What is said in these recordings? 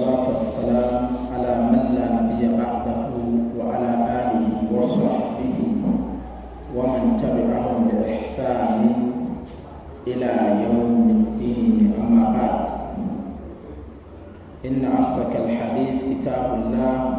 والصلاة والسلام على من لا نبي بعده وعلى آله وصحبه ومن تبعهم بإحسان إلى يوم الدين أما بعد إن أصدق الحديث كتاب الله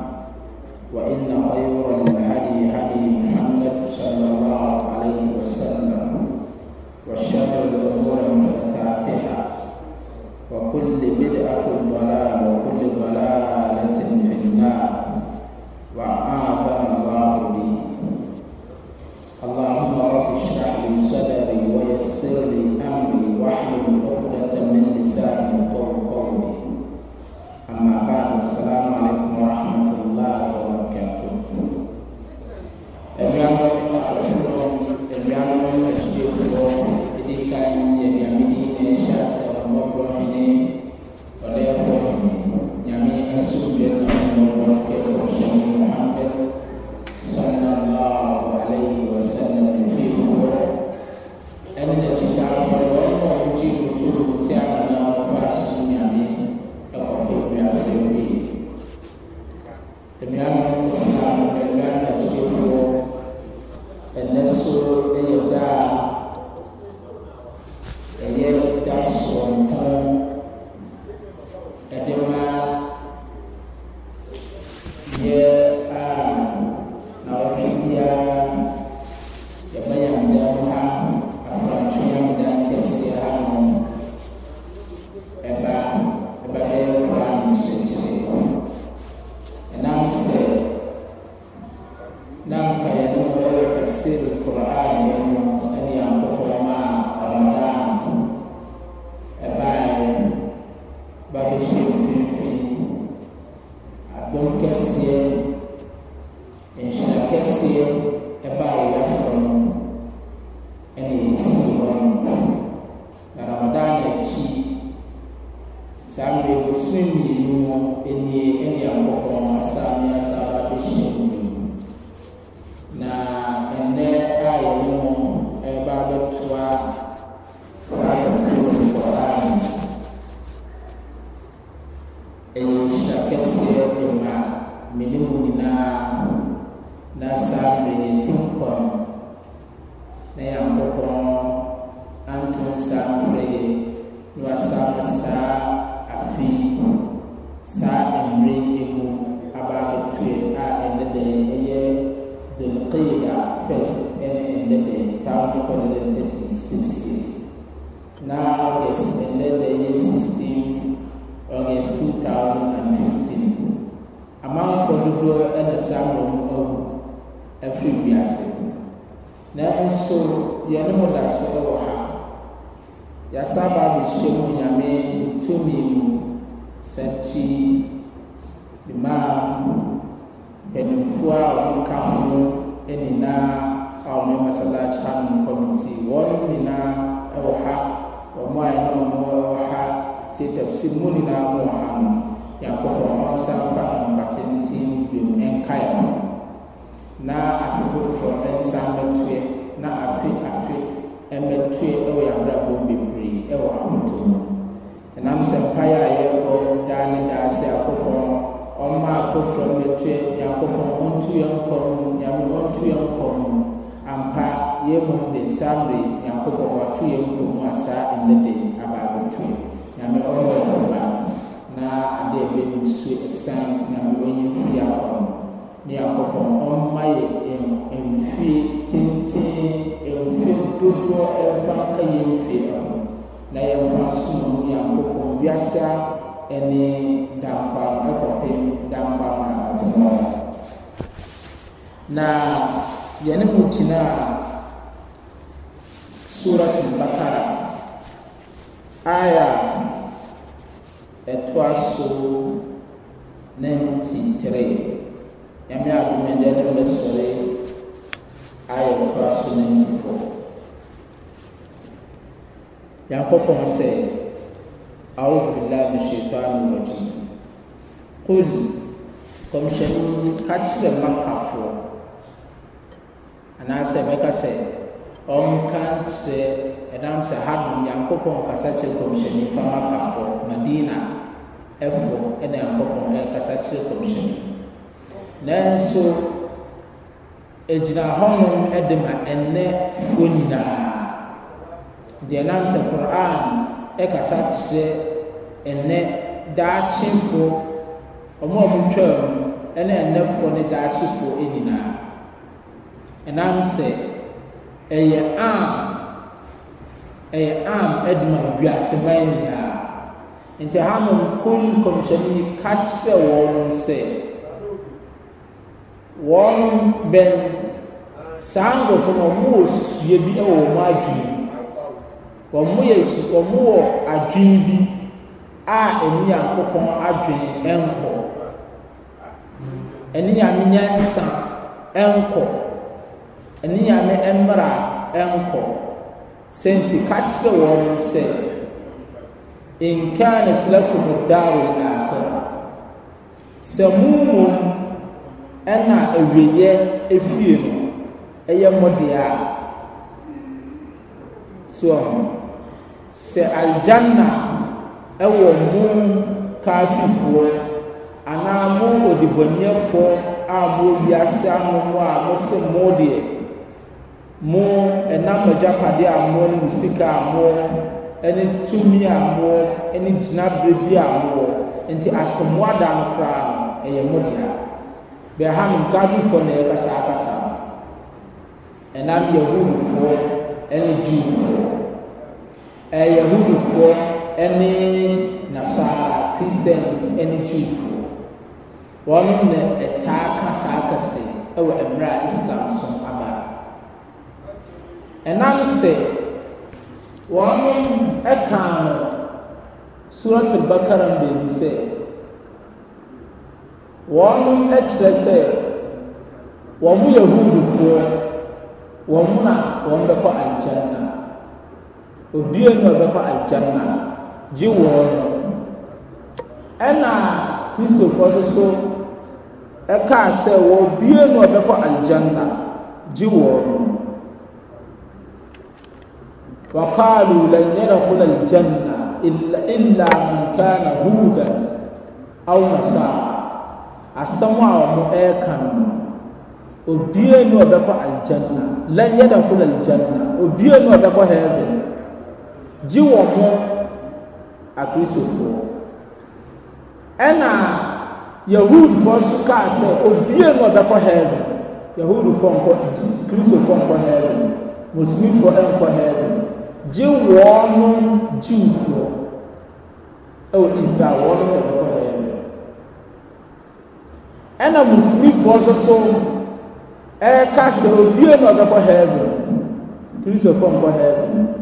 dodoɔ ɛna saa wɔn awu ɛfiri wiase na nso yɛn mu da so ɛwɔ ha yasa ba abɛhyɛ mu nyame ne tumi mu sɛnti mmaa mpanimfoɔ a wɔka ho nyinaa a wɔn masalakyi ano kɔmiti wɔn nyinaa ɛwɔ ha wɔn a ɛna wɔn ɛwɔ ha tetapsi mu nyinaa wɔn wɔ ha no. saa bere nyankopɔn wato yɛ kurom a saa ɛnɛ de abaabɛto yɛ nyame ɔyɛ ɔba na ade a ɛbɛnu so ɛsan nyame ɔyɛ firi akɔ no ne akɔpɔn ɔmma yɛ mfie tenten mfie dodoɔ ɛmfa nka yɛ ɛho na yɛmfa so no mu nyankopɔn wiase a ɛne dampam ɛkɔpem dampam a atomɔ na yɛne mu gyina nyankopɔn sɛ awo bilahi mi hyɛ to ano wɔgye kóòlì kɔmhyɛnni kakyerɛ makafoɔ anaasɛ bɛka sɛ ɔnka nkyerɛ ɛnam sɛ hanom nyankopɔn kasa kyerɛ kɔmhyɛnni fa makafoɔ madina ɛfoɔ ɛna nyankopɔn ɛkasa kyerɛ kɔmhyɛnni nanso egyina hɔnom ɛde ma ɛnɛ fuo nyinaa deɛ nam sɛ koran ɛkasa kyerɛ ɛnɛ daakyefoɔ ɔmo a wɔtwam ɛne ɛnɛfoɔ ne daakyefoɔ nyinaa ɛnam sɛ ɛyɛ arm ɛyɛ arm ɛdema wiase man nyinaa nti hanom kun kɔmhyɛnni ka kyerɛ wɔn sɛ wɔn bɛn saa nkurɔfoɔ no ɔmo wɔ susue bi ɛwɔ wɔn adwene wɔn yɛ su wɔn wɔ adwene bi a ɛni akokɔn adwene ɛnkɔ ɛni nyame nyansa ɛnkɔ ɛni nyame mmra ɛnkɔ sɛnti kakyere wɔn sɛ na tila kɔmɔ daaro n'afɛ sɛ mumu ɛna awieɛ efie no ɛyɛ mɔdea soɔ ho. sɛ aljanna ɛwɔ mo kaafifoɔ anaa mo odebɔniɛfoɔ a mowiase ano mo a mo se mo deɛ mo ɛnam agyapadeɛ a moɔ ne mo sika a moɔ ɛne tumi a moɔ ɛne gyinaberɛ bi a moɔ nti atemmoada no koraa ɛyɛ mo dea bɛha no kaafifoɔ na ɛkasakasa ɛnam yɛhudifoɔ ɛne gyiifoɔ ɛyɛ hudufoɔ ɛne nasara christians ɛne jewfoɔ wɔn na ɛtaa kasa akɛse ɛwɔ mmerɛ a islam so aba ɛnam sɛ wɔn ɛkaa no surat bakara mmienu sɛ wɔn ɛkyerɛ sɛ wɔn yɛ hudufoɔ wɔn na wɔn bɛkɔ aljanna obia ne ɔbɛkɔ agyanna gye wɔn no ɛna kristofoɔ nso so ɛkaa sɛ wɔ obia ne ɔbɛkɔ agyanna gye wɔn no wakaalu lan yadkhul aljanna illa illa man kana hudan aw nasaa asɛm a wɔn ɛreka no obia ne ɔbɛkɔ agyanna lan yadkhul aljanna obia ne ɔbɛkɔ heaven gye wɔn ho akristofoɔ ɛna yahudifoɔ nso kaa sɛ obie no ɔbɛkɔ hɛɛdo yahudifoɔ nkɔ kristofoɔ nkɔ hɛɛdo muslifoɔ nkɔ hɛɛdo gye wɔn ho gyewfoɔ ɛwɔ israel wɔn ho ɔbɛkɔ hɛɛdo ɛna muslifoɔ nso so ɛka sɛ obie no ɔbɛkɔ hɛɛdo kristofoɔ nkɔ hɛɛdo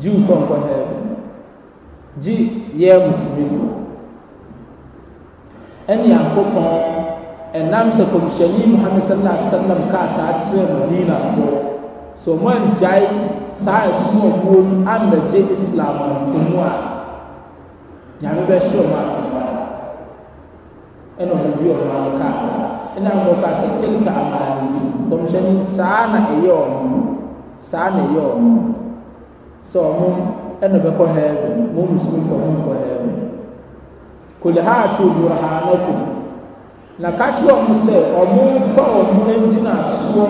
jiw kɔnkɔ hɛɛ gye yɛɛ musulmi ɛne akokɔn ɛnam sɛ kɔmhyɛni muhammed sallallahu alaihi wa sallam kaa saa kyerɛ madina fo so wɔn angyae saa ɛsono ɔbuo mu amagye islam ntomu a nyame bɛhyɛ wɔn akokɔ ɛna wɔn bi wɔn ano kaa saa ɛna wɔn kaa sɛ telika amaani bi kɔmhyɛni saa na ɛyɛ wɔn saa na ɛyɛ wɔn. sɛ ɔmo ɛna bɛkɔ hɛɛmi mo musumi fɔ mo nkɔ hɛɛmi kòlì ha ati obìnrin ha n'ɔkò na kakyi ɔmo sɛ ɔmo fa ɔmo ɛngyina soɔ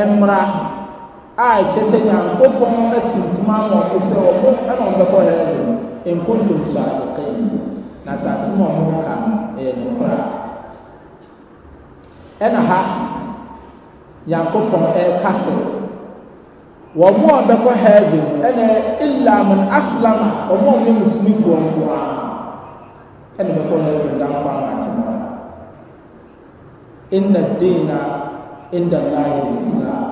ɛmra a ɛkyɛ sɛ nyankopɔn ɛtintim ama ɔmo sɛ ɔmo ɛna ɔmo bɛkɔ nkontom so yi na mu ɔmo ka ɛyɛ ha wɔn mu a bɛkɔ heaven ɛna ilamun aslam wɔn a wɔyɛ muslimfoɔ nkoa ɛna bɛkɔ heaven dan kɔ ama ati mu inna deena inda lahi islam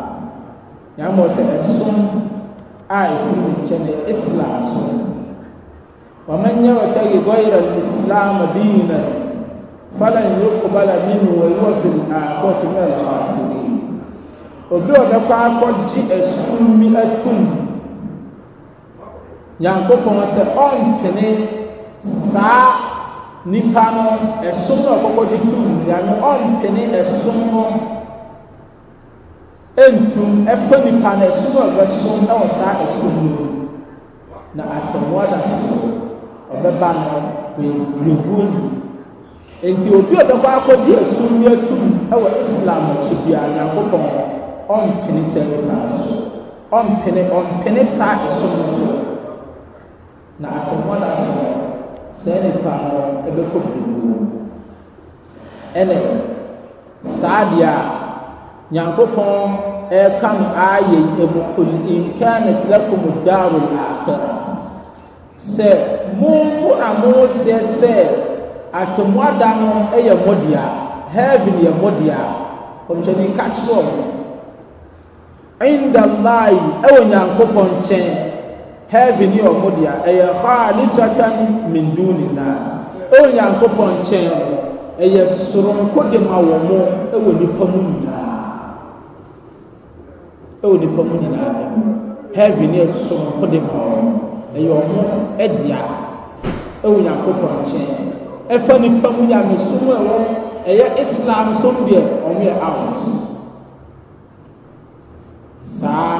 nyamɔ sɛ ɛsom a efiri ne nkyɛn na islam so wɔn nyɛ wɔtɛ yi gɔyra islam diina falan yɛ kubala minnu wɔ yi wɔ fili a mɛ lɛ ɔsiri obi a ɔbɛkɔ akɔgye esum bi atum nyankopɔn sɛ ɔmpene saa nipa no ɛsom na ɔkɔkɔgye tum nea no ɔmpene ɛsom no ɛntum ɛfɛ nipa no ɛsom na ɔbɛsom ɛwɔ saa ɛsom no na atɔmmoada soso ɔbɛba no ɔyɛburebuo no nti obi a ɔbɛkɔ akɔgye esum bi atum ɛwɔ islam akyi bia nyankopɔn ɔmpene sɛm so ɔmpene ɔmpene saa ɛsom no so na atɔmmɔda so no saa nipa no ɛbɛkɔ pɛmuo ɛnɛ saa deɛ a nyankopɔn ɛreka no ayɛ ɛmu kul inkanat lakum daru lakhira sɛ monko na moseɛ sɛ atɔmmɔda no yɛ mmɔdea heaven yɛ mmɔdea ɔmhyɛne kyerɛ ɔmo indalahi ɛwɔ nyankopɔn nkyɛn heaven yɛ ɔmo dea ɛyɛ hɔ a ne satan minduu ne nas ɛwɔ nyankopɔn nkyɛn ɛyɛ soronko de ma wɔ mo ɛwɔ nipa mu nyinaa ɛwɔ nipa mu nyinaa heaven yɛ soronko de ma wɔ ɛyɛ ɔmo ɛdea ɛwɔ nyankopɔn nkyɛn ɛfa nipa mu nyame ɛwɔ ɛyɛ islam deɛ ɔmo yɛ saa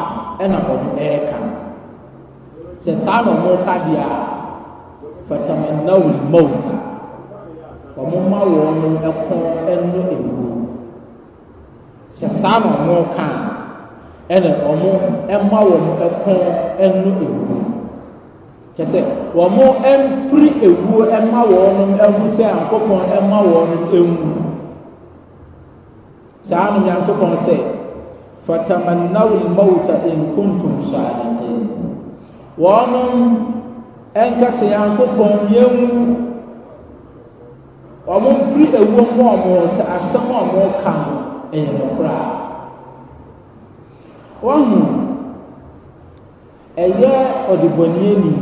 ɛna wɔn ɛɛka sɛ saa na wɔn ka deɛ a fatamannawo mawuta wɔn ma wɔn ɛkɔ ɛno ewu sɛ saa na wɔn ka ɛna wɔn ɛma wɔn ɛkɔ ɛno ewu kyɛ sɛ wɔn ɛmpiri ewuo ɛma wɔn ɛho sɛ akokɔn ɛma wɔn ɛnwu saa na wɔn akokɔn sɛ fatamannaw almauta in kuntum sadiqin wɔnom ɛnkasa yankopɔn yɛnwu ɔmo mpiri ewuo mu ɔmo sɛ asɛm a ɔmo ka no ɛyɛ nokora wɔho ɛyɛ ɔdebɔniɛ ni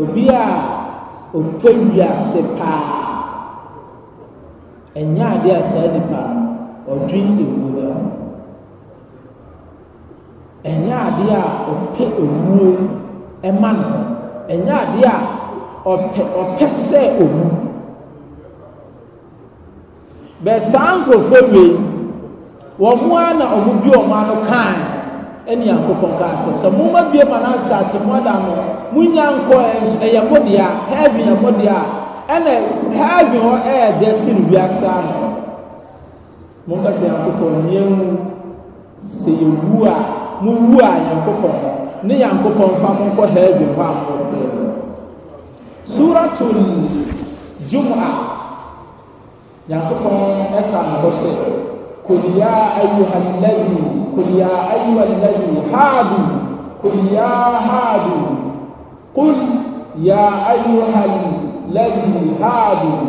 obi a ɔpɛ wiase paa ɛnyɛ adeɛ a saa nipa no ɔdwen ewu ɛnyɛ adeɛ a ɔpɛ owuo ɛma no ho ɛnyɛ adeɛ a ɔpɛ ɔpɛ sɛ owu bɛɛ saa nkurɔfoɔ wei wɔn mo ara na wɔn bi wɔn ano kan ɛne akokɔn kaa sɛ sɛ mo ma bie ma na sɛ ate mo ada no mo nya nkɔ ɛyɛ mo deɛ heaven yɛ mo a ɛna hɛvin hɔ ɛyɛ deɛ si no wiase ano mo nka sɛ akokɔn yɛn mu sɛ yɛ wu a. mowu a nyankopɔn ne nyankopɔn fa monkɔ heavi hɔ a moɔpɛ suratul juma nyankopɔn ɛka ne hɔ sɛ قل يا أيها الذي قل يا أيها الذي هادوا قل يا هادوا قل يا أيها الذي هادوا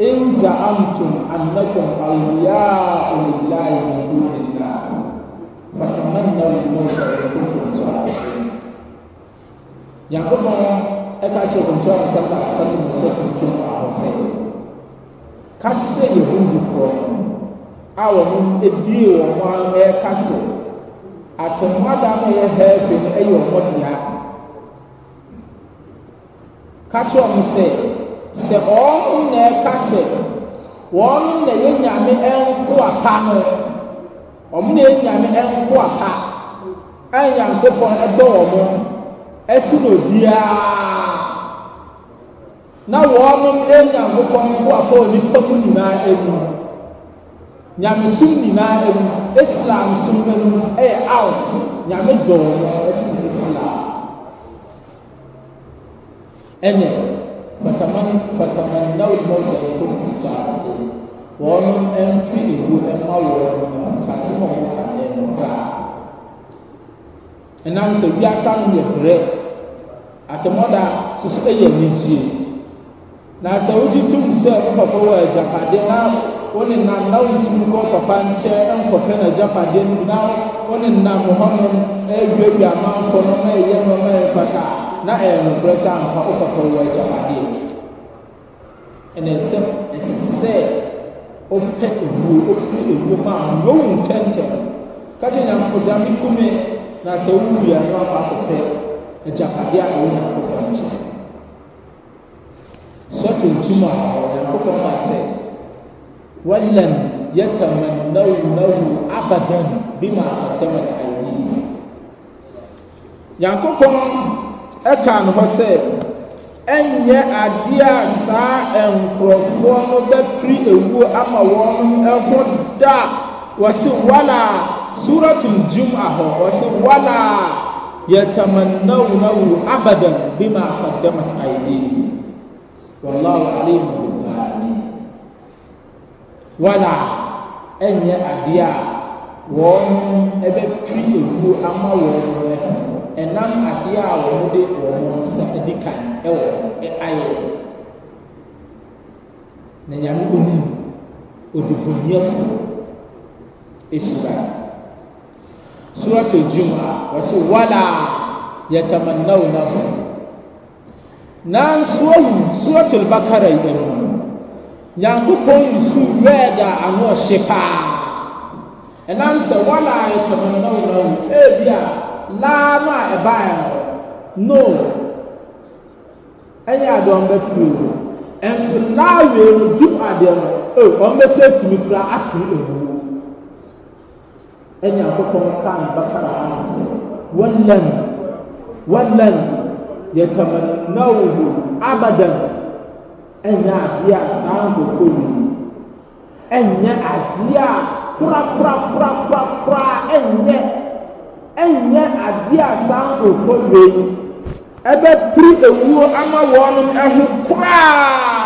إن زعمتم أنكم أولياء لله من دون الله fatamanna al-mawta in kuntum sadiqin nyankopɔn ɛka kyerɛ kɔmkyerɛ wɔn sɛm baasa no mu sɛ tuntum ahɔ sɛ ka kyerɛ yahudifoɔ a wɔn ebie wɔn ho ɛreka sɛ atɔmmoadan a ɛyɛ hɛɛfɛ no ɛyɛ wɔn dea ka kyerɛ wɔn sɛ sɛ wɔn na ɛka sɛ wɔn na yɛ nyame ɛnko apa no wɔn na enyame ɛnko aha ɛnyanko pɔn ɛbɔ wɔn ɛsi na obiara na wɔn ɛnyanko pɔn nko aha wɔ nipa mu nyinaa ɛmu nyamesum nyinaa ɛmu islam sum ɛmu ɛyɛ aw nyame dɔ wɔn ɛsi islam ɛnɛ fatamani fatamani na wɔn mɔ yɛ to kuta ɛmu wɔn ɛntu ewu ɛma wɔn ɛmu sase na wɔn ka ɛmu kra ɛnam sɛ wiasa no yɛ brɛ atɛmɔda soso ɛyɛ anigye na sɛ wogye tom sɛ wo papa wɔ agyapade na wo ne nam na wontumi kɔ papa nkyɛn ɛnkɔpɛ no agyapade ah, eh, no na wo ne nam hɔnom ɛɛduadua amanfo no ma ɛyɛ no ma na ɛyɛ nokorɛ sɛ ampa wɔ agyapadeɛ ɛnɛ sɛ ɛsɛ sɛ ɔpɛ ewuo ɔpɛ ewuo ma ɔwu ntɛntɛn kagye nyankopɔn me kume na sɛ wowu yɛ no aba akɔpɛ agyapade a ɛwɔ nyankopɔn nkyɛn sɔte ntum a nyankopɔn ma sɛ walan yatamannawnahu abadan bima qaddamat aydihim nyankopɔn ɛkaa no hɔ sɛ ɛnyɛ adeɛ a saa nkurɔfoɔ no bɛpiri ewuo ama wɔn ho da wɔsi wala suratul juma hɔ wɔsi wala yɛtamannawnawu abadan bima qaddamat aydihim wallahu alim bizalimi wala ɛnyɛ adeɛ a wɔn ɛbɛpiri ewuo ama wɔn ho ɛnam adeɛ a wɔn de wɔn nsa di kan ɛwɔ ayɛ na nyame onim odibohiafo esura surat al wɔsi wala yatamannaw na ho nanso owu surat al-bakara yi ɛmu nyankopɔn nsu red a ano ɔhye paa ɛnam sɛ wala yatamannaw na ho ebi laa no a ɛbaeɛ no no ɛnyɛ adeɛ ɔmbɛfiri mu ɛnso laa wei no dum adeɛ no o ɔmbɛsɛ tumi kura atwere ɛwuo ɛne akokɔn kaa ne bakara ano sɛ wɔlɛn wɔlɛn yɛtamannawuhu abadan ɛnyɛ adeɛ a saa nkɔfo yi ɛnyɛ adeɛ a korakorakorakorakora ɛnyɛ ɛnyɛ adeɛ a saa nkurɔfoɔ wei ɛbɛpiri ewuo ama wɔn ho koraa.